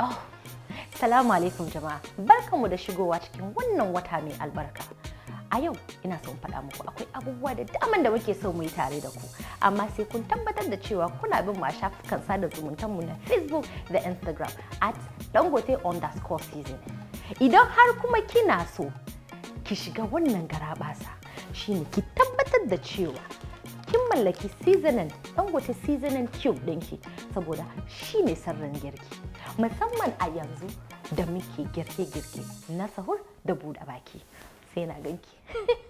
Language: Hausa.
Oh, salamu alaikum jama'a. Barkanmu da shigowa cikin wannan wata mai albarka. A yau ina son faɗa muku akwai abubuwa da daman da muke so mu yi tare da ku. Amma sai kun tabbatar da cewa kuna bin mu a shafukan sada zumuntanmu na Facebook da Instagram at dangote underscore season. Idan har kuma kina so ki shiga wannan garabasa shine ki tabbatar da cewa kin mallaki seasonin dangote seasonin cube ɗinki saboda shi ne sirrin girki. musamman a yanzu da muke girke-girke na sahur da buɗa baki sai na ganki